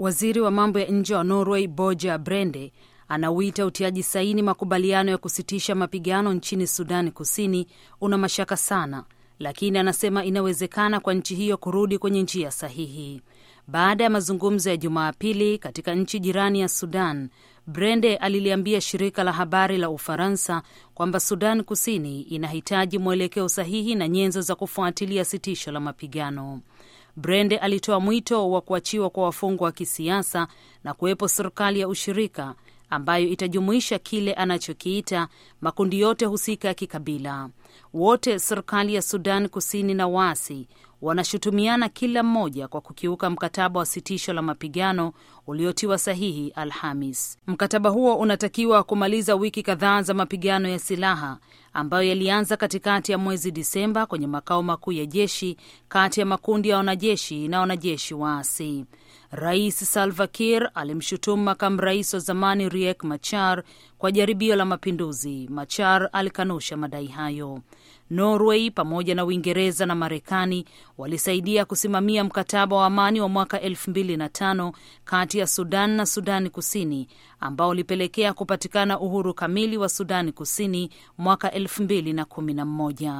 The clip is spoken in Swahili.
Waziri wa mambo ya nje wa Norway Boja Brende anauita utiaji saini makubaliano ya kusitisha mapigano nchini Sudani Kusini una mashaka sana, lakini anasema inawezekana kwa nchi hiyo kurudi kwenye njia sahihi baada ya mazungumzo ya Jumapili katika nchi jirani ya Sudan. Brende aliliambia shirika la habari la Ufaransa kwamba Sudan Kusini inahitaji mwelekeo sahihi na nyenzo za kufuatilia sitisho la mapigano. Brende alitoa mwito wa kuachiwa kwa wafungwa wa kisiasa na kuwepo serikali ya ushirika ambayo itajumuisha kile anachokiita makundi yote husika ya kikabila. Wote serikali ya Sudan Kusini na waasi wanashutumiana kila mmoja kwa kukiuka mkataba wa sitisho la mapigano uliotiwa sahihi Alhamis. Mkataba huo unatakiwa kumaliza wiki kadhaa za mapigano ya silaha ambayo yalianza katikati ya mwezi Disemba kwenye makao makuu ya jeshi kati ya makundi ya wanajeshi na wanajeshi waasi. Rais Salva Kiir alimshutumu makamu rais wa zamani Riek Machar kwa jaribio la mapinduzi. Machar alikanusha madai hayo. Norway pamoja na Uingereza na Marekani walisaidia kusimamia mkataba wa amani wa mwaka 2005 kati ya Sudan na Sudani Kusini ambao ulipelekea kupatikana uhuru kamili wa Sudani Kusini mwaka mmoja